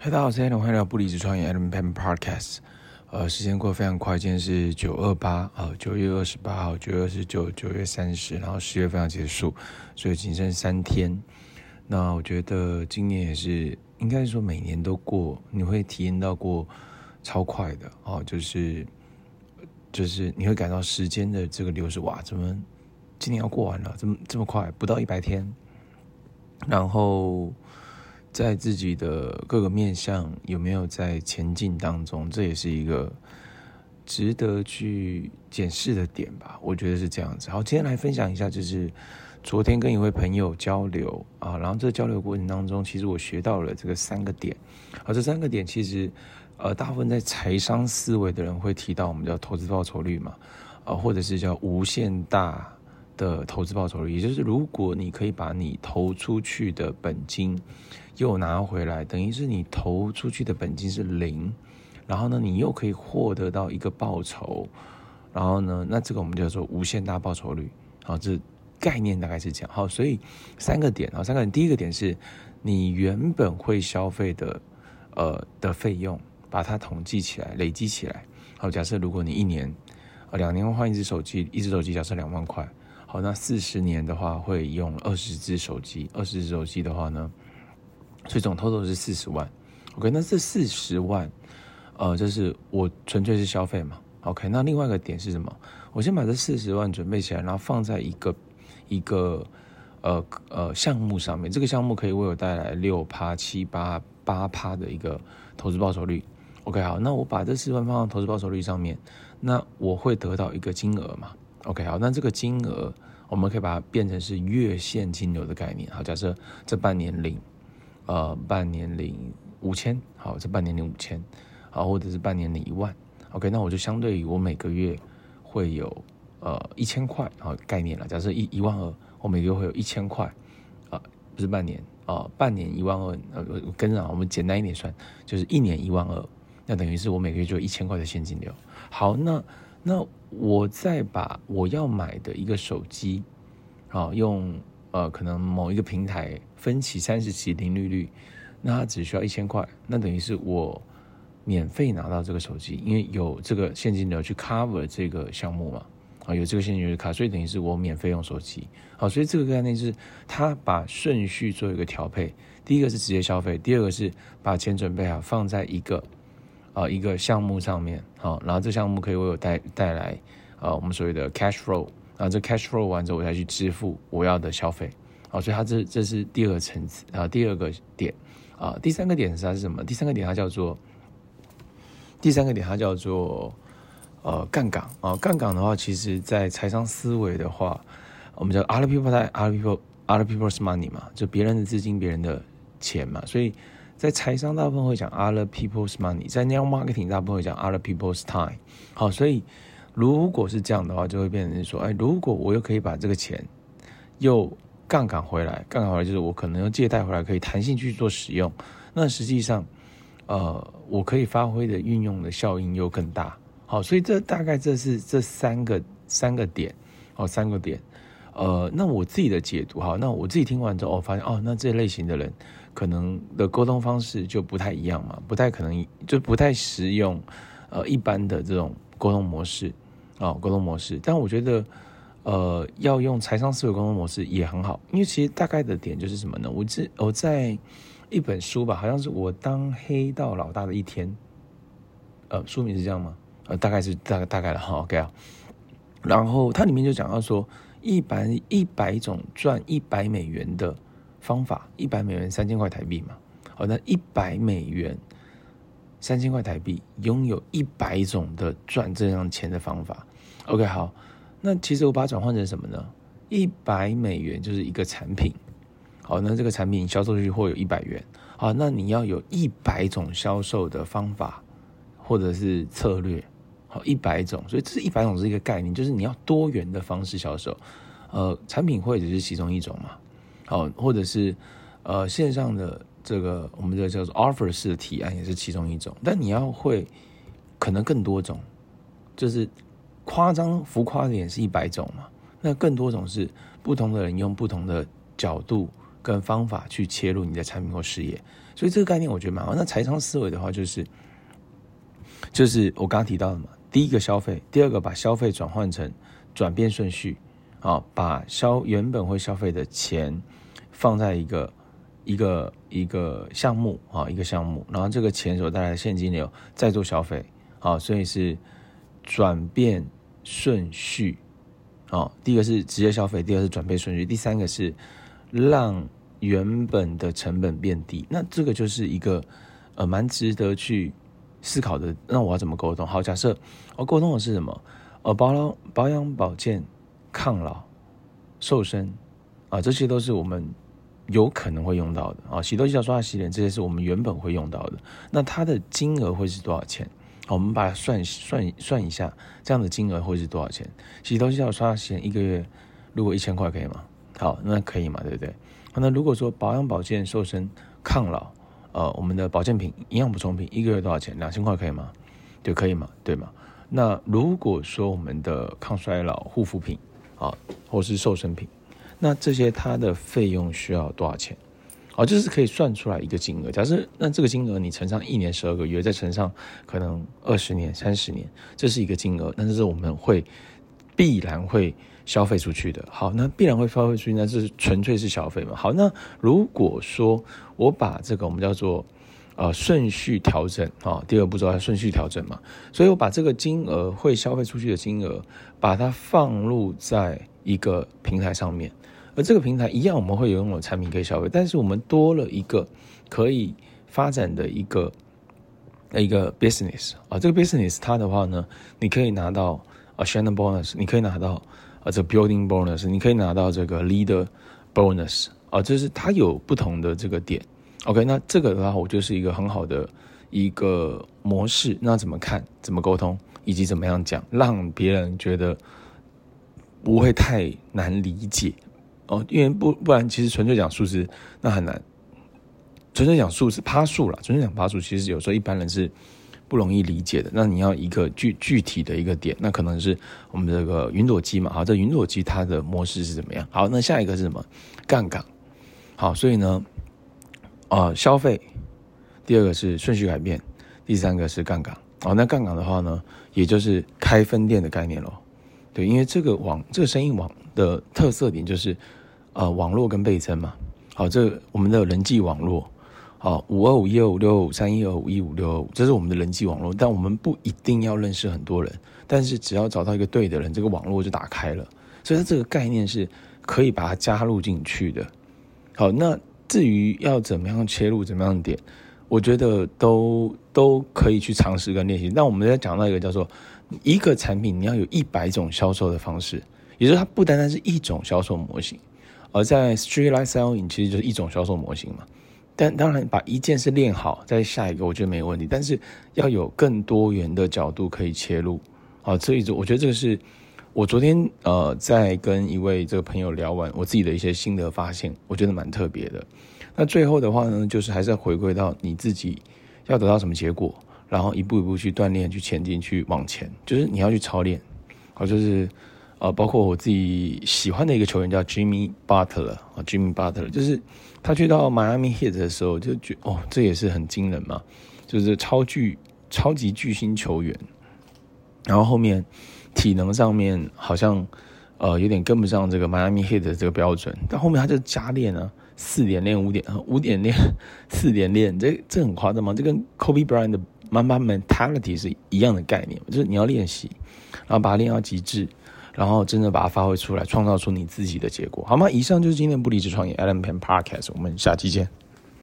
嗨，大家好，我是艾倫，歡迎來到不離職創業 Allen Peng Podcast。呃，時間過得非常快，今天是九二八，哦，九月二十八號，九月二十九，九月三十，然後十月非常結束，所以僅剩三天。那我覺得今年也是，應該是說每年都過，你會體驗到過超快的哦，就是就是你會感到時間的這個流逝，哇，怎麼今年要過完了，這麼這麼快，不到一百天，然後。在自己的各個面向有沒有在前進當中，這也是一個值得去檢視的點吧？我覺得是這樣子。好，今天來分享一下，就是昨天跟一位朋友交流啊，然後這個交流過程當中，其實我學到了這個三個點。而、啊、這三個點其實呃，大部分在財商思維的人會提到，我們叫投資報酬率嘛，啊，或者是叫無限大。的投資報酬率，也就是如果你可以把你投出去的本金又拿回來，等於是你投出去的本金是零，然後呢，你又可以獲得到一個報酬，然後呢，那這個我們叫做無限大報酬率。好，這概念大概是這樣。好，所以三個點三個點，第一個點是你原本會消費的呃的費用，把它統計起來，累積起來。好，假設如果你一年兩年換一只手機，一只手機假設兩萬塊。好，那四十年的話會用二十支手機，二十支手機的話呢，所以總 total 是四十萬。OK，那這四十萬，呃，就是我純粹是消費嘛。OK，那另外一個點是什麼？我先把這四十萬準備起來，然後放在一個一個呃呃項目上面，這個項目可以為我帶來六趴、七趴、八趴的一個投資報酬率。OK，好，那我把這四十萬放到投資報酬率上面，那我會得到一個金額嘛？OK，好，那這個金額我們可以把它變成是月現金流的概念。好，假設這半年領，呃，半年領五千，好，這半年領五千，好，或者是半年領一萬。OK，那我就相對於我每個月會有呃一千塊，好，概念了。假設一一萬二，我每個月會有一千塊，啊、呃，不是半年，啊、呃，半年一萬二，呃、我跟上我們簡單一點算，就是一年一萬二，那等於是我每個月就有一千塊的現金流。好，那。那我再把我要買的一個手機，啊，用呃，可能某一個平台分期三十期零利率，那它只需要一千塊，那等於是我免費拿到這個手機，因為有這個現金流去 cover 這個項目嘛，啊，有這個現金流去卡，所以等於是我免費用手機，好，所以這個概念就是他把順序做一個調配，第一個是直接消費，第二個是把錢準備好放在一個啊、呃、一個項目上面。好，然後這項目可以為我帶帶來，呃，我們所謂的 cash flow，然後這 cash flow 完之後，我才去支付我要的消費。啊、哦，所以它這這是第二層次，啊、呃，第二個點，啊、呃，第三個點是它是什麼？第三個點它叫做，第三個點它叫做，呃，槓桿。啊、呃，槓桿的話，其實在財商思維的話，我們叫 other people 的 other people other people's money 嘛，就別人的資金，別人的錢嘛，所以。在財商大部分會講 other people's money，在 new marketing 大部分會講 other people's time。好，所以如果是這樣的話，就會變成說，哎，如果我又可以把這個錢又槓桿回來，槓桿回來就是我可能又借貸回來，可以彈性去做使用。那實際上，呃，我可以發揮的運用的效應又更大。好，所以這大概這是這三個三個點，好，三個點。呃，那我自己的解讀，好，那我自己聽完之後，我發現，哦，那這類型的人。可能的溝通方式就不太一樣嘛，不太可能就不太實用，呃，一般的這種溝通模式，哦，溝通模式。但我覺得，呃，要用財商思維溝通模式也很好，因為其實大概的點就是什麼呢？我這我在一本書吧，好像是我當黑道老大的一天，呃，書名是這樣嗎？呃，大概是大大概了哈，OK 啊。然後它裡面就講到說，一般一百種賺一百美元的。方法一百美元三千塊台幣嘛，好，那一百美元三千塊台幣擁有一百種的賺這樣錢的方法。OK，好，那其實我把它轉換成什麼呢？一百美元就是一個產品，好，那這個產品銷售出去會有一百元，啊，那你要有一百種銷售的方法或者是策略，好，一百種，所以這是一百種是一個概念，就是你要多元的方式銷售，呃，產品會只是其中一種嘛。好，或者是，呃，線上的這個，我們這個叫做 offer 式的提案，也是其中一種。但你要會，可能更多種，就是誇張浮誇的也是一百種嘛。那更多種是不同的人用不同的角度跟方法去切入你的產品或事業。所以這個概念我覺得蠻好。那財商思維的話，就是，就是就是我剛剛提到的嘛，第一個消費，第二個把消費轉換成轉變順序，啊，哦，把消原本會消費的錢。放在一個一個一個項目啊，一個項目，然後這個錢所帶來的現金流再做消費，啊，所以是轉變順序，啊，第一個是直接消費，第二個是轉變順序，第三個是讓原本的成本變低，那這個就是一個呃蠻值得去思考的。那我要怎麼溝通？好，假設我，哦，溝通的是什麼？呃，保養、保養、保健、抗老、瘦身啊，這些都是我們。有可能會用到的啊，洗頭、洗澡、刷牙、洗臉，這些是我們原本會用到的。那它的金額會是多少錢？我們把它算算算一下，這樣的金額會是多少錢？洗頭、洗澡、刷牙、洗臉一個月，如果一千塊可以嗎？好，那可以嘛，對不對？那如果說保養、保健、瘦身、抗老，呃，我們的保健品、營養補充品一個月多少錢？兩千塊可以嗎？就可以嘛，對嗎？那如果說我們的抗衰老護膚品，啊、呃，或是瘦身品。那這些它的費用需要多少錢？哦，就是可以算出來一個金額。假設那這個金額你乘上一年十二個月，再乘上可能二十年、三十年，這是一個金額。那這是我們會必然會消費出去的。好，那必然會消費出去，那這是純粹是消費嘛？好，那如果說我把這個我們叫做順序調整，第二步驟要順序調整嘛，所以我把這個金額會消費出去的金額，把它放入在。一個平台上面，而這個平台一樣，我們會擁有產品可以消費，但是我們多了一個可以發展的一個一個 business、啊、這個 business 它的話呢，你可以拿到啊 channel bonus，你可以拿到啊 t、這個、building bonus，你可以拿到這個 leader bonus 啊，就是它有不同的這個點。OK，那這個的話，我就是一個很好的一個模式。那怎麼看？怎麼溝通？以及怎麼樣講，讓別人覺得？不會太難理解哦，因為不不然，其實純粹講數字那很難。純粹講數字趴數啦，純粹講趴數，其實有時候一般人是不容易理解的。那你要一個具具體的一個點，那可能是我們這個雲朵機嘛？好，這雲朵機它的模式是怎麼樣？好，那下一個是什麼？槓桿。好，所以呢，啊、呃，消費，第二個是順序改變，第三個是槓桿。哦，那槓桿的話呢，也就是開分店的概念咯。對，因為這個網這個生意網的特色點就是，呃，網絡跟倍增嘛。好，這個、我們的人際網絡，好，五二五一二五六五三一二五一五六五，1256, 625, 這是我們的人際網絡。但我們不一定要認識很多人，但是只要找到一個對的人，這個網絡就打開了。所以它這個概念是可以把它加入進去的。好，那至於要怎麼樣切入，怎麼樣的點。我覺得都都可以去嘗試跟練習。那我們在講到一個叫做一個產品，你要有一百種銷售的方式，也就是它不單單是一種銷售模型，而在 Streetlight Selling 其實就是一種銷售模型嘛。但當然，把一件事練好，再下一個我覺得沒問題。但是要有更多元的角度可以切入，好、啊，所以我覺得這個是我昨天呃在跟一位這個朋友聊完我自己的一些心得發現，我覺得蠻特別的。那最後的話呢，就是還是要回歸到你自己要得到什麼結果，然後一步一步去鍛煉、去前進、去往前，就是你要去操練。啊，就是呃，包括我自己喜歡的一個球員叫 Jimmy Butler 啊、呃，Jimmy Butler，就是他去到 Miami Heat 的時候，就覺得哦，這也是很驚人嘛，就是超巨、超級巨星球員。然後後面體能上面好像呃有點跟不上這個 Miami Heat 的這個標準，但後面他就加練啊。四點練五點五點練四點練，這這很誇張嗎？這跟 Kobe Bryant 的 Mamba mentality 是一樣的概念，就是你要練習，然後把它練到極致，然後真正把它發揮出來，創造出你自己的結果，好嗎？以上就是今天不離職創業 Allen Peng Podcast，我們下期見。